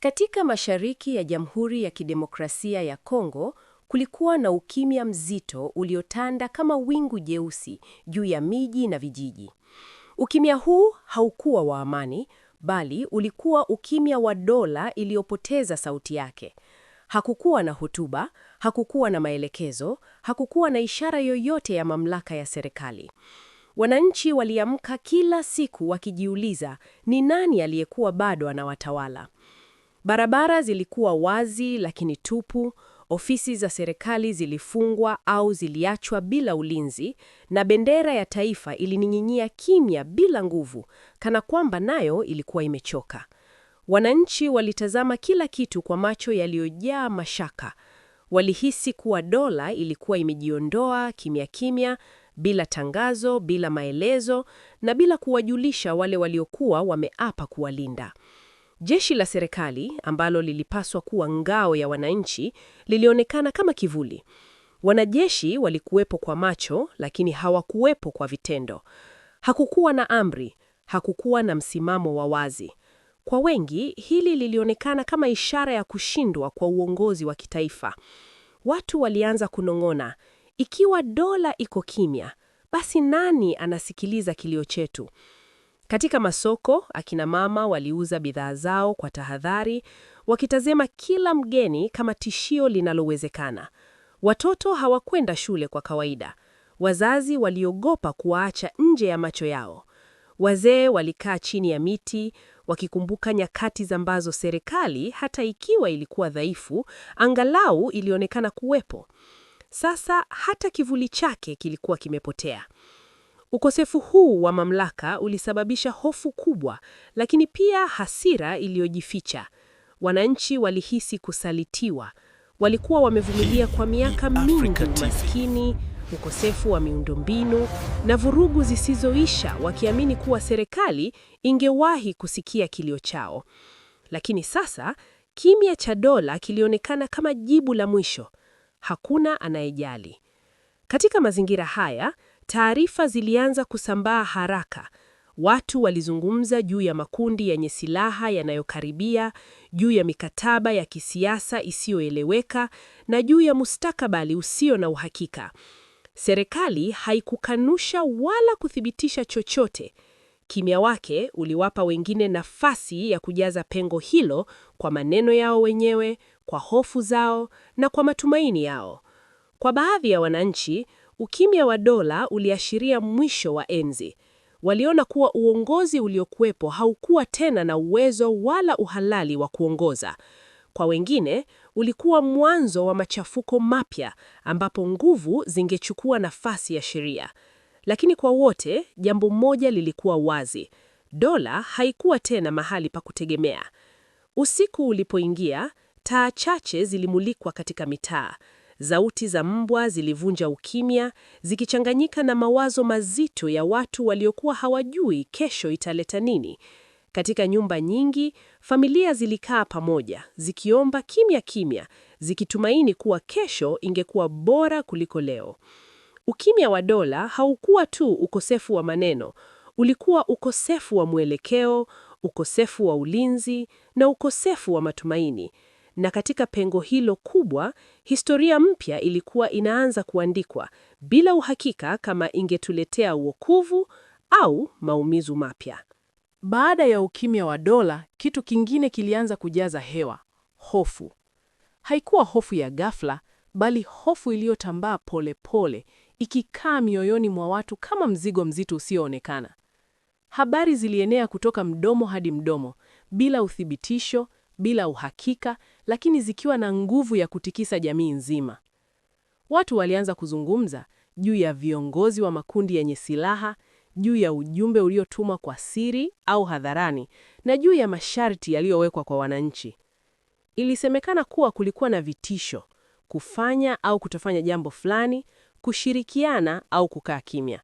Katika mashariki ya Jamhuri ya Kidemokrasia ya Kongo kulikuwa na ukimya mzito uliotanda kama wingu jeusi juu ya miji na vijiji. Ukimya huu haukuwa wa amani, bali ulikuwa ukimya wa dola iliyopoteza sauti yake. Hakukuwa na hotuba, hakukuwa na maelekezo, hakukuwa na ishara yoyote ya mamlaka ya serikali. Wananchi waliamka kila siku wakijiuliza ni nani aliyekuwa bado anawatawala. Barabara zilikuwa wazi lakini tupu, ofisi za serikali zilifungwa au ziliachwa bila ulinzi, na bendera ya taifa ilining'inia kimya bila nguvu, kana kwamba nayo ilikuwa imechoka. Wananchi walitazama kila kitu kwa macho yaliyojaa mashaka. Walihisi kuwa dola ilikuwa imejiondoa kimya kimya, bila tangazo, bila maelezo na bila kuwajulisha wale waliokuwa wameapa kuwalinda. Jeshi la serikali ambalo lilipaswa kuwa ngao ya wananchi lilionekana kama kivuli. Wanajeshi walikuwepo kwa macho, lakini hawakuwepo kwa vitendo. Hakukuwa na amri, hakukuwa na msimamo wa wazi. Kwa wengi, hili lilionekana kama ishara ya kushindwa kwa uongozi wa kitaifa. Watu walianza kunong'ona, ikiwa dola iko kimya, basi nani anasikiliza kilio chetu? Katika masoko, akina mama waliuza bidhaa zao kwa tahadhari, wakitazama kila mgeni kama tishio linalowezekana. Watoto hawakwenda shule kwa kawaida. Wazazi waliogopa kuwaacha nje ya macho yao. Wazee walikaa chini ya miti wakikumbuka nyakati ambazo serikali, hata ikiwa ilikuwa dhaifu, angalau ilionekana kuwepo. Sasa hata kivuli chake kilikuwa kimepotea. Ukosefu huu wa mamlaka ulisababisha hofu kubwa, lakini pia hasira iliyojificha. Wananchi walihisi kusalitiwa. Walikuwa wamevumilia kwa miaka mingi maskini, ukosefu wa miundombinu na vurugu zisizoisha, wakiamini kuwa serikali ingewahi kusikia kilio chao. Lakini sasa kimya cha dola kilionekana kama jibu la mwisho. Hakuna anayejali. Katika mazingira haya Taarifa zilianza kusambaa haraka. Watu walizungumza juu ya makundi yenye ya silaha yanayokaribia, juu ya mikataba ya kisiasa isiyoeleweka na juu ya mustakabali usio na uhakika. Serikali haikukanusha wala kuthibitisha chochote. Kimya wake uliwapa wengine nafasi ya kujaza pengo hilo kwa maneno yao wenyewe, kwa hofu zao na kwa matumaini yao. Kwa baadhi ya wananchi, Ukimya wa dola uliashiria mwisho wa enzi. Waliona kuwa uongozi uliokuwepo haukuwa tena na uwezo wala uhalali wa kuongoza. Kwa wengine, ulikuwa mwanzo wa machafuko mapya ambapo nguvu zingechukua nafasi ya sheria. Lakini kwa wote, jambo moja lilikuwa wazi. Dola haikuwa tena mahali pa kutegemea. Usiku ulipoingia, taa chache zilimulikwa katika mitaa. Sauti za mbwa zilivunja ukimya, zikichanganyika na mawazo mazito ya watu waliokuwa hawajui kesho italeta nini. Katika nyumba nyingi, familia zilikaa pamoja, zikiomba kimya kimya, zikitumaini kuwa kesho ingekuwa bora kuliko leo. Ukimya wa dola haukuwa tu ukosefu wa maneno, ulikuwa ukosefu wa mwelekeo, ukosefu wa ulinzi na ukosefu wa matumaini na katika pengo hilo kubwa, historia mpya ilikuwa inaanza kuandikwa bila uhakika kama ingetuletea uokovu au maumizu mapya. Baada ya ukimya wa dola, kitu kingine kilianza kujaza hewa: hofu. Haikuwa hofu ya ghafla, bali hofu iliyotambaa polepole, ikikaa mioyoni mwa watu kama mzigo mzito usioonekana. Habari zilienea kutoka mdomo hadi mdomo bila uthibitisho, bila uhakika, lakini zikiwa na nguvu ya kutikisa jamii nzima. Watu walianza kuzungumza juu ya viongozi wa makundi yenye silaha, juu ya ujumbe uliotumwa kwa siri au hadharani, na juu ya masharti yaliyowekwa kwa wananchi. Ilisemekana kuwa kulikuwa na vitisho: kufanya au kutofanya jambo fulani, kushirikiana au kukaa kimya.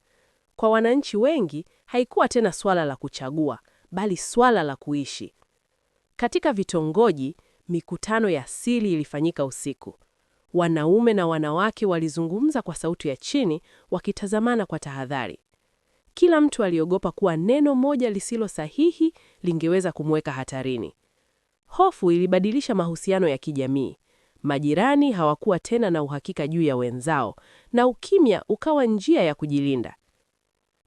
Kwa wananchi wengi haikuwa tena swala la kuchagua, bali swala la kuishi. Katika vitongoji, mikutano ya siri ilifanyika usiku. Wanaume na wanawake walizungumza kwa sauti ya chini, wakitazamana kwa tahadhari. Kila mtu aliogopa kuwa neno moja lisilo sahihi lingeweza kumweka hatarini. Hofu ilibadilisha mahusiano ya kijamii. Majirani hawakuwa tena na uhakika juu ya wenzao, na ukimya ukawa njia ya kujilinda.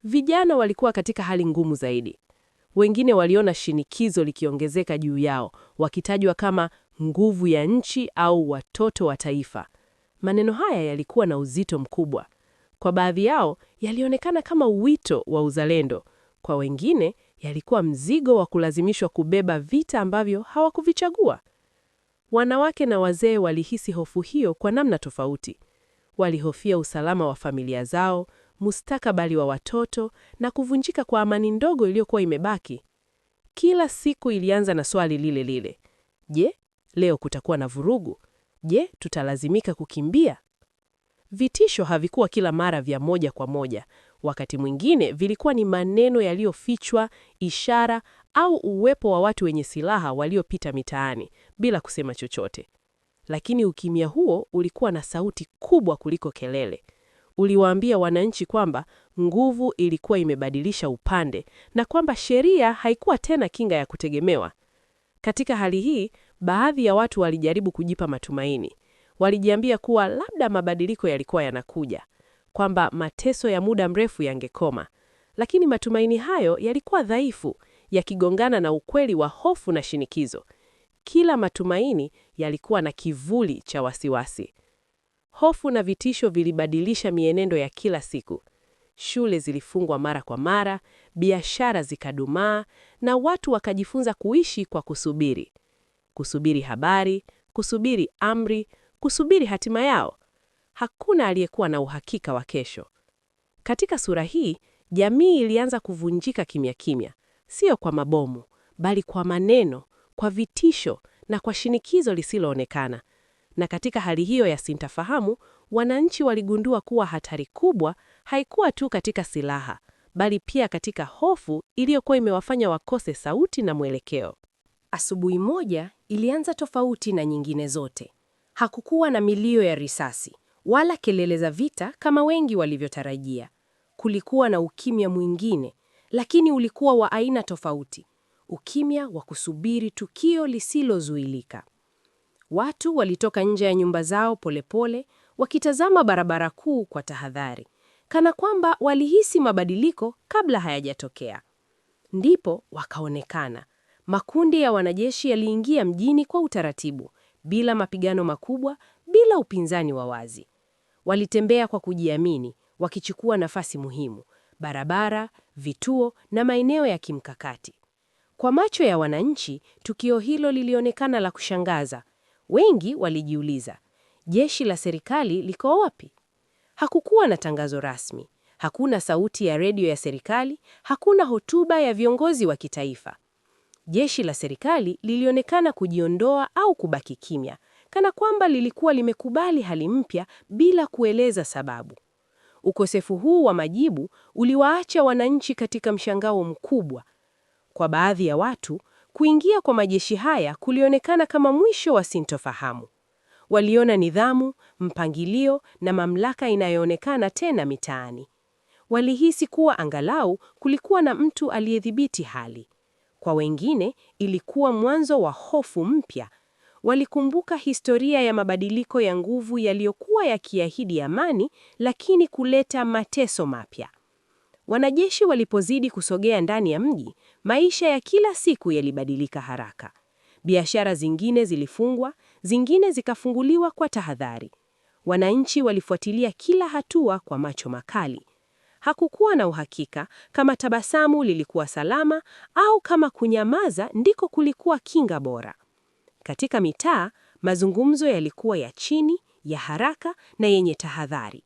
Vijana walikuwa katika hali ngumu zaidi. Wengine waliona shinikizo likiongezeka juu yao, wakitajwa kama nguvu ya nchi au watoto wa taifa. Maneno haya yalikuwa na uzito mkubwa. Kwa baadhi yao yalionekana kama wito wa uzalendo, kwa wengine yalikuwa mzigo wa kulazimishwa kubeba vita ambavyo hawakuvichagua. Wanawake na wazee walihisi hofu hiyo kwa namna tofauti. Walihofia usalama wa familia zao, mustakabali wa watoto na kuvunjika kwa amani ndogo iliyokuwa imebaki. Kila siku ilianza na swali lile lile: je, leo kutakuwa na vurugu? Je, tutalazimika kukimbia? Vitisho havikuwa kila mara vya moja kwa moja. Wakati mwingine vilikuwa ni maneno yaliyofichwa, ishara au uwepo wa watu wenye silaha waliopita mitaani bila kusema chochote. Lakini ukimya huo ulikuwa na sauti kubwa kuliko kelele uliwaambia wananchi kwamba nguvu ilikuwa imebadilisha upande na kwamba sheria haikuwa tena kinga ya kutegemewa. Katika hali hii, baadhi ya watu walijaribu kujipa matumaini. Walijiambia kuwa labda mabadiliko yalikuwa yanakuja, kwamba mateso ya muda mrefu yangekoma. Lakini matumaini hayo yalikuwa dhaifu, yakigongana na ukweli wa hofu na shinikizo. Kila matumaini yalikuwa na kivuli cha wasiwasi. Hofu na vitisho vilibadilisha mienendo ya kila siku. Shule zilifungwa mara kwa mara, biashara zikadumaa, na watu wakajifunza kuishi kwa kusubiri, kusubiri habari, kusubiri amri, kusubiri hatima yao. Hakuna aliyekuwa na uhakika wa kesho. Katika sura hii, jamii ilianza kuvunjika kimya kimya, sio kwa mabomu, bali kwa maneno, kwa vitisho na kwa shinikizo lisiloonekana. Na katika hali hiyo ya sintafahamu, wananchi waligundua kuwa hatari kubwa haikuwa tu katika silaha, bali pia katika hofu iliyokuwa imewafanya wakose sauti na mwelekeo. Asubuhi moja ilianza tofauti na nyingine zote. Hakukuwa na milio ya risasi wala kelele za vita kama wengi walivyotarajia. Kulikuwa na ukimya mwingine, lakini ulikuwa wa aina tofauti, ukimya wa kusubiri tukio lisilozuilika. Watu walitoka nje ya nyumba zao polepole pole, wakitazama barabara kuu kwa tahadhari, kana kwamba walihisi mabadiliko kabla hayajatokea. Ndipo wakaonekana. Makundi ya wanajeshi yaliingia mjini kwa utaratibu, bila mapigano makubwa, bila upinzani wa wazi. Walitembea kwa kujiamini, wakichukua nafasi muhimu, barabara, vituo na maeneo ya kimkakati. Kwa macho ya wananchi, tukio hilo lilionekana la kushangaza, Wengi walijiuliza, jeshi la serikali liko wapi? Hakukuwa na tangazo rasmi, hakuna sauti ya redio ya serikali, hakuna hotuba ya viongozi wa kitaifa. Jeshi la serikali lilionekana kujiondoa au kubaki kimya, kana kwamba lilikuwa limekubali hali mpya bila kueleza sababu. Ukosefu huu wa majibu uliwaacha wananchi katika mshangao mkubwa. Kwa baadhi ya watu, Kuingia kwa majeshi haya kulionekana kama mwisho wa sintofahamu. Waliona nidhamu, mpangilio na mamlaka inayoonekana tena mitaani. Walihisi kuwa angalau kulikuwa na mtu aliyedhibiti hali. Kwa wengine ilikuwa mwanzo wa hofu mpya. Walikumbuka historia ya mabadiliko ya nguvu yaliyokuwa yakiahidi amani, lakini kuleta mateso mapya. Wanajeshi walipozidi kusogea ndani ya mji, Maisha ya kila siku yalibadilika haraka. Biashara zingine zilifungwa, zingine zikafunguliwa kwa tahadhari. Wananchi walifuatilia kila hatua kwa macho makali. Hakukuwa na uhakika kama tabasamu lilikuwa salama au kama kunyamaza ndiko kulikuwa kinga bora. Katika mitaa, mazungumzo yalikuwa ya chini, ya haraka na yenye tahadhari.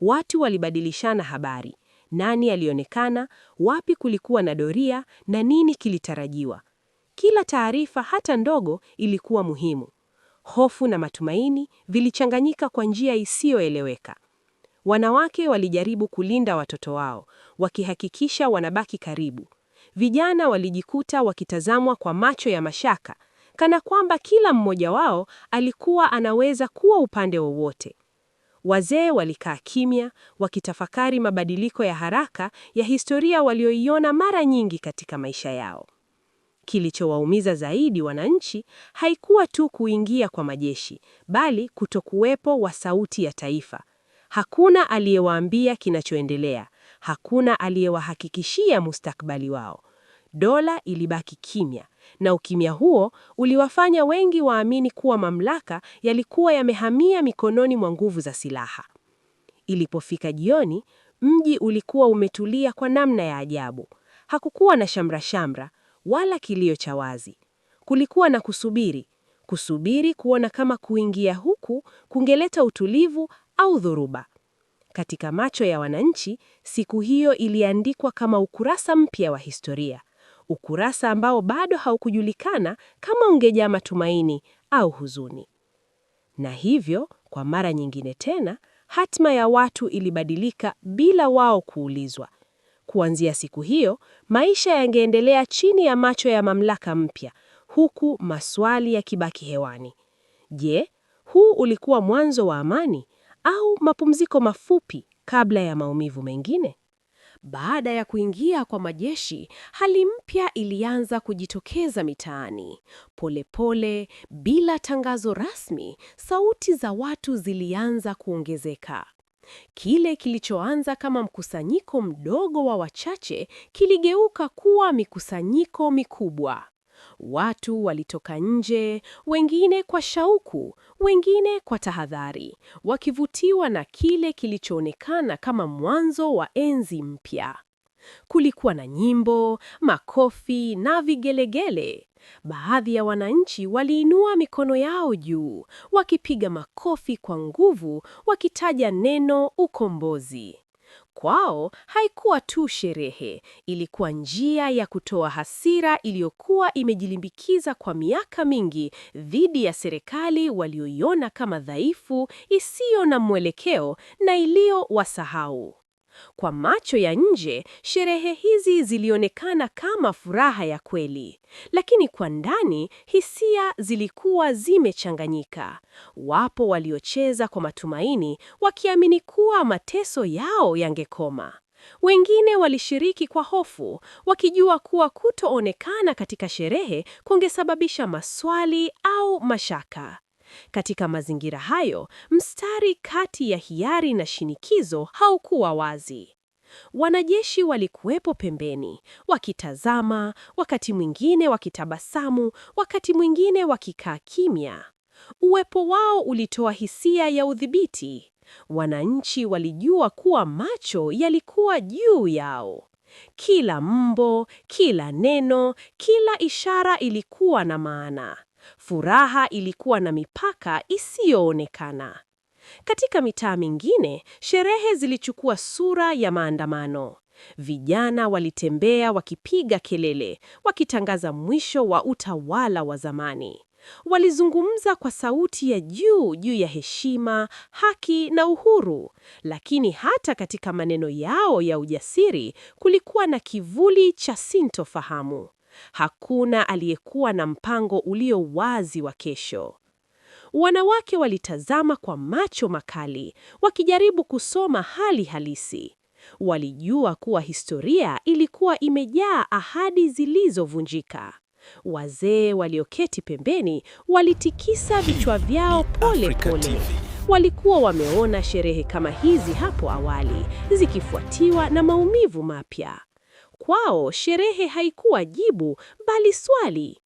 Watu walibadilishana habari, nani alionekana, wapi kulikuwa na doria na nini kilitarajiwa. Kila taarifa hata ndogo ilikuwa muhimu. Hofu na matumaini vilichanganyika kwa njia isiyoeleweka. Wanawake walijaribu kulinda watoto wao, wakihakikisha wanabaki karibu. Vijana walijikuta wakitazamwa kwa macho ya mashaka, kana kwamba kila mmoja wao alikuwa anaweza kuwa upande wowote. Wazee walikaa kimya, wakitafakari mabadiliko ya haraka ya historia walioiona mara nyingi katika maisha yao. Kilichowaumiza zaidi wananchi haikuwa tu kuingia kwa majeshi, bali kutokuwepo wa sauti ya taifa. Hakuna aliyewaambia kinachoendelea, hakuna aliyewahakikishia mustakabali wao. Dola ilibaki kimya, na ukimya huo uliwafanya wengi waamini kuwa mamlaka yalikuwa yamehamia mikononi mwa nguvu za silaha. Ilipofika jioni, mji ulikuwa umetulia kwa namna ya ajabu. Hakukuwa na shamrashamra wala kilio cha wazi. Kulikuwa na kusubiri, kusubiri kuona kama kuingia huku kungeleta utulivu au dhoruba. Katika macho ya wananchi, siku hiyo iliandikwa kama ukurasa mpya wa historia ukurasa ambao bado haukujulikana kama ungejaa matumaini au huzuni. Na hivyo kwa mara nyingine tena, hatima ya watu ilibadilika bila wao kuulizwa. Kuanzia siku hiyo, maisha yangeendelea chini ya macho ya mamlaka mpya, huku maswali yakibaki hewani. Je, huu ulikuwa mwanzo wa amani au mapumziko mafupi kabla ya maumivu mengine? Baada ya kuingia kwa majeshi, hali mpya ilianza kujitokeza mitaani. Polepole, bila tangazo rasmi, sauti za watu zilianza kuongezeka. Kile kilichoanza kama mkusanyiko mdogo wa wachache kiligeuka kuwa mikusanyiko mikubwa. Watu walitoka nje, wengine kwa shauku, wengine kwa tahadhari, wakivutiwa na kile kilichoonekana kama mwanzo wa enzi mpya. Kulikuwa na nyimbo, makofi na vigelegele. Baadhi ya wananchi waliinua mikono yao juu, wakipiga makofi kwa nguvu, wakitaja neno ukombozi. Kwao haikuwa tu sherehe, ilikuwa njia ya kutoa hasira iliyokuwa imejilimbikiza kwa miaka mingi dhidi ya serikali walioiona kama dhaifu, isiyo na mwelekeo na iliyo wasahau kwa macho ya nje, sherehe hizi zilionekana kama furaha ya kweli, lakini kwa ndani hisia zilikuwa zimechanganyika. Wapo waliocheza kwa matumaini, wakiamini kuwa mateso yao yangekoma. Wengine walishiriki kwa hofu, wakijua kuwa kutoonekana katika sherehe kungesababisha maswali au mashaka. Katika mazingira hayo, mstari kati ya hiari na shinikizo haukuwa wazi. Wanajeshi walikuwepo pembeni, wakitazama, wakati mwingine wakitabasamu, wakati mwingine wakikaa kimya. Uwepo wao ulitoa hisia ya udhibiti. Wananchi walijua kuwa macho yalikuwa juu yao. Kila mbo, kila neno, kila ishara ilikuwa na maana. Furaha ilikuwa na mipaka isiyoonekana. Katika mitaa mingine, sherehe zilichukua sura ya maandamano. Vijana walitembea wakipiga kelele, wakitangaza mwisho wa utawala wa zamani. Walizungumza kwa sauti ya juu juu ya heshima, haki na uhuru, lakini hata katika maneno yao ya ujasiri kulikuwa na kivuli cha sintofahamu. Hakuna aliyekuwa na mpango ulio wazi wa kesho. Wanawake walitazama kwa macho makali, wakijaribu kusoma hali halisi. Walijua kuwa historia ilikuwa imejaa ahadi zilizovunjika. Wazee walioketi pembeni walitikisa vichwa vyao pole pole. Walikuwa wameona sherehe kama hizi hapo awali, zikifuatiwa na maumivu mapya. Kwao sherehe haikuwa jibu, bali swali.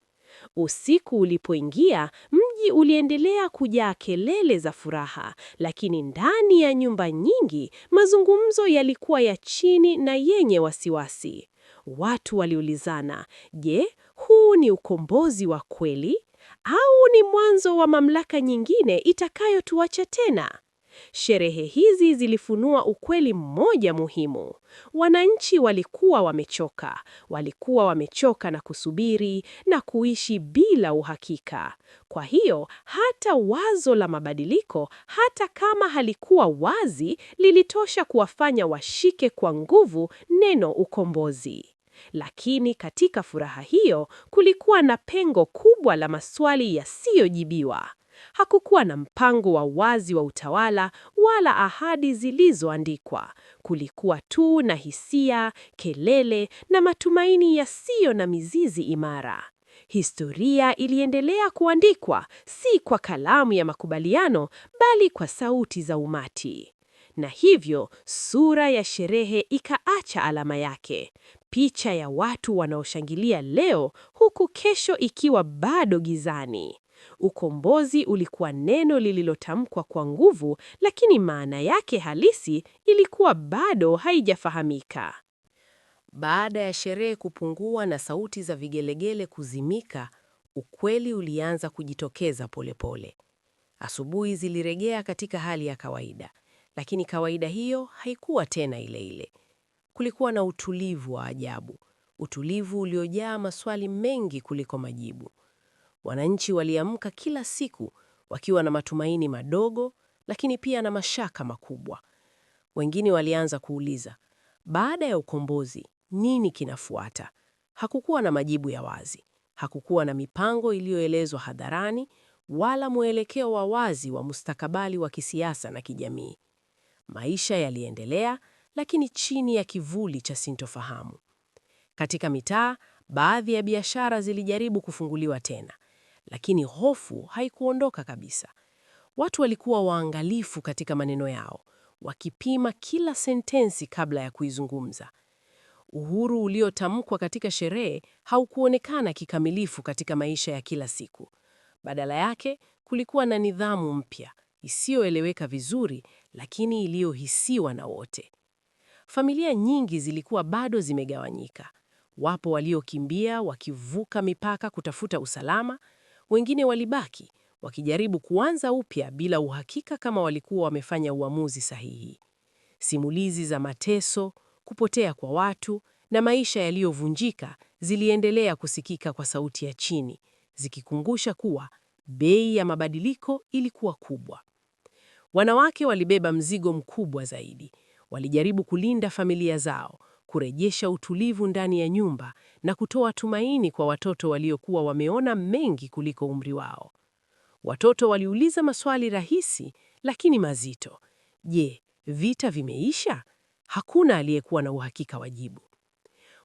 Usiku ulipoingia, mji uliendelea kujaa kelele za furaha, lakini ndani ya nyumba nyingi mazungumzo yalikuwa ya chini na yenye wasiwasi. Watu waliulizana, je, huu ni ukombozi wa kweli au ni mwanzo wa mamlaka nyingine itakayotuacha tena? Sherehe hizi zilifunua ukweli mmoja muhimu. Wananchi walikuwa wamechoka, walikuwa wamechoka na kusubiri na kuishi bila uhakika. Kwa hiyo, hata wazo la mabadiliko, hata kama halikuwa wazi, lilitosha kuwafanya washike kwa nguvu neno ukombozi. Lakini katika furaha hiyo kulikuwa na pengo kubwa la maswali yasiyojibiwa. Hakukuwa na mpango wa wazi wa utawala wala ahadi zilizoandikwa. Kulikuwa tu na hisia, kelele na matumaini yasiyo na mizizi imara. Historia iliendelea kuandikwa, si kwa kalamu ya makubaliano, bali kwa sauti za umati. Na hivyo sura ya sherehe ikaacha alama yake, picha ya watu wanaoshangilia leo, huku kesho ikiwa bado gizani. Ukombozi ulikuwa neno lililotamkwa kwa nguvu, lakini maana yake halisi ilikuwa bado haijafahamika. Baada ya sherehe kupungua na sauti za vigelegele kuzimika, ukweli ulianza kujitokeza polepole. Asubuhi ziliregea katika hali ya kawaida, lakini kawaida hiyo haikuwa tena ile ile. Kulikuwa na utulivu wa ajabu, utulivu uliojaa maswali mengi kuliko majibu. Wananchi waliamka kila siku wakiwa na matumaini madogo, lakini pia na mashaka makubwa. Wengine walianza kuuliza, baada ya ukombozi nini kinafuata? Hakukuwa na majibu ya wazi, hakukuwa na mipango iliyoelezwa hadharani, wala mwelekeo wa wazi wa mustakabali wa kisiasa na kijamii. Maisha yaliendelea, lakini chini ya kivuli cha sintofahamu. Katika mitaa, baadhi ya biashara zilijaribu kufunguliwa tena, lakini hofu haikuondoka kabisa. Watu walikuwa waangalifu katika maneno yao, wakipima kila sentensi kabla ya kuizungumza. Uhuru uliotamkwa katika sherehe haukuonekana kikamilifu katika maisha ya kila siku. Badala yake, kulikuwa na nidhamu mpya isiyoeleweka vizuri, lakini iliyohisiwa na wote. Familia nyingi zilikuwa bado zimegawanyika. Wapo waliokimbia wakivuka mipaka kutafuta usalama, wengine walibaki wakijaribu kuanza upya bila uhakika kama walikuwa wamefanya uamuzi sahihi. Simulizi za mateso, kupotea kwa watu na maisha yaliyovunjika ziliendelea kusikika kwa sauti ya chini, zikikumbusha kuwa bei ya mabadiliko ilikuwa kubwa. Wanawake walibeba mzigo mkubwa zaidi. Walijaribu kulinda familia zao, kurejesha utulivu ndani ya nyumba na kutoa tumaini kwa watoto waliokuwa wameona mengi kuliko umri wao. Watoto waliuliza maswali rahisi lakini mazito. Je, vita vimeisha? Hakuna aliyekuwa na uhakika wa jibu.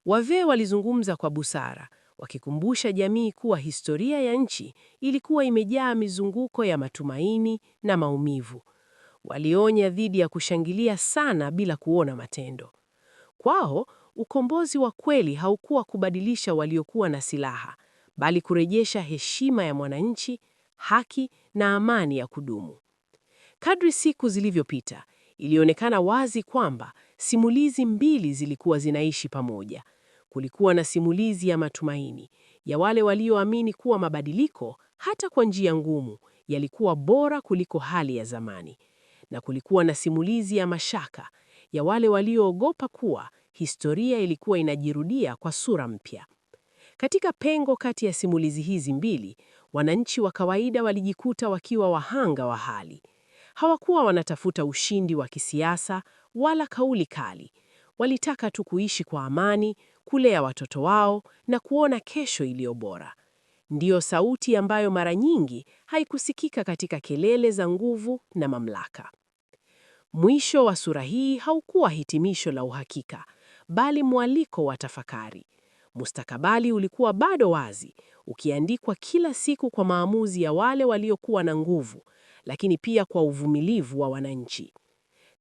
Wavee walizungumza kwa busara, wakikumbusha jamii kuwa historia ya nchi ilikuwa imejaa mizunguko ya matumaini na maumivu. Walionya dhidi ya kushangilia sana bila kuona matendo. Kwao ukombozi wa kweli haukuwa kubadilisha waliokuwa na silaha, bali kurejesha heshima ya mwananchi, haki na amani ya kudumu. Kadri siku zilivyopita, ilionekana wazi kwamba simulizi mbili zilikuwa zinaishi pamoja. Kulikuwa na simulizi ya matumaini ya wale walioamini kuwa mabadiliko, hata kwa njia ngumu, yalikuwa bora kuliko hali ya zamani, na kulikuwa na simulizi ya mashaka ya wale walioogopa kuwa historia ilikuwa inajirudia kwa sura mpya. Katika pengo kati ya simulizi hizi mbili, wananchi wa kawaida walijikuta wakiwa wahanga wa hali. Hawakuwa wanatafuta ushindi wa kisiasa wala kauli kali. Walitaka tu kuishi kwa amani, kulea watoto wao na kuona kesho iliyo bora. Ndiyo sauti ambayo mara nyingi haikusikika katika kelele za nguvu na mamlaka. Mwisho wa sura hii haukuwa hitimisho la uhakika, bali mwaliko wa tafakari. Mustakabali ulikuwa bado wazi, ukiandikwa kila siku kwa maamuzi ya wale waliokuwa na nguvu, lakini pia kwa uvumilivu wa wananchi.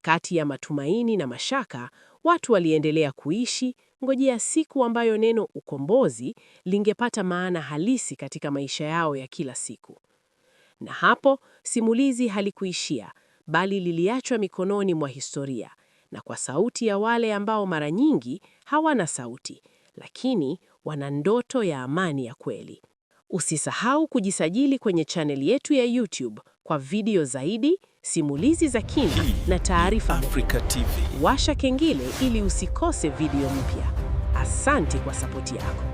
Kati ya matumaini na mashaka, watu waliendelea kuishi, ngojea siku ambayo neno ukombozi lingepata maana halisi katika maisha yao ya kila siku. Na hapo simulizi halikuishia, bali liliachwa mikononi mwa historia na kwa sauti ya wale ambao mara nyingi hawana sauti, lakini wana ndoto ya amani ya kweli. Usisahau kujisajili kwenye chaneli yetu ya YouTube kwa video zaidi, simulizi za kina na taarifa. Africa TV. Washa kengele ili usikose video mpya. Asante kwa sapoti yako.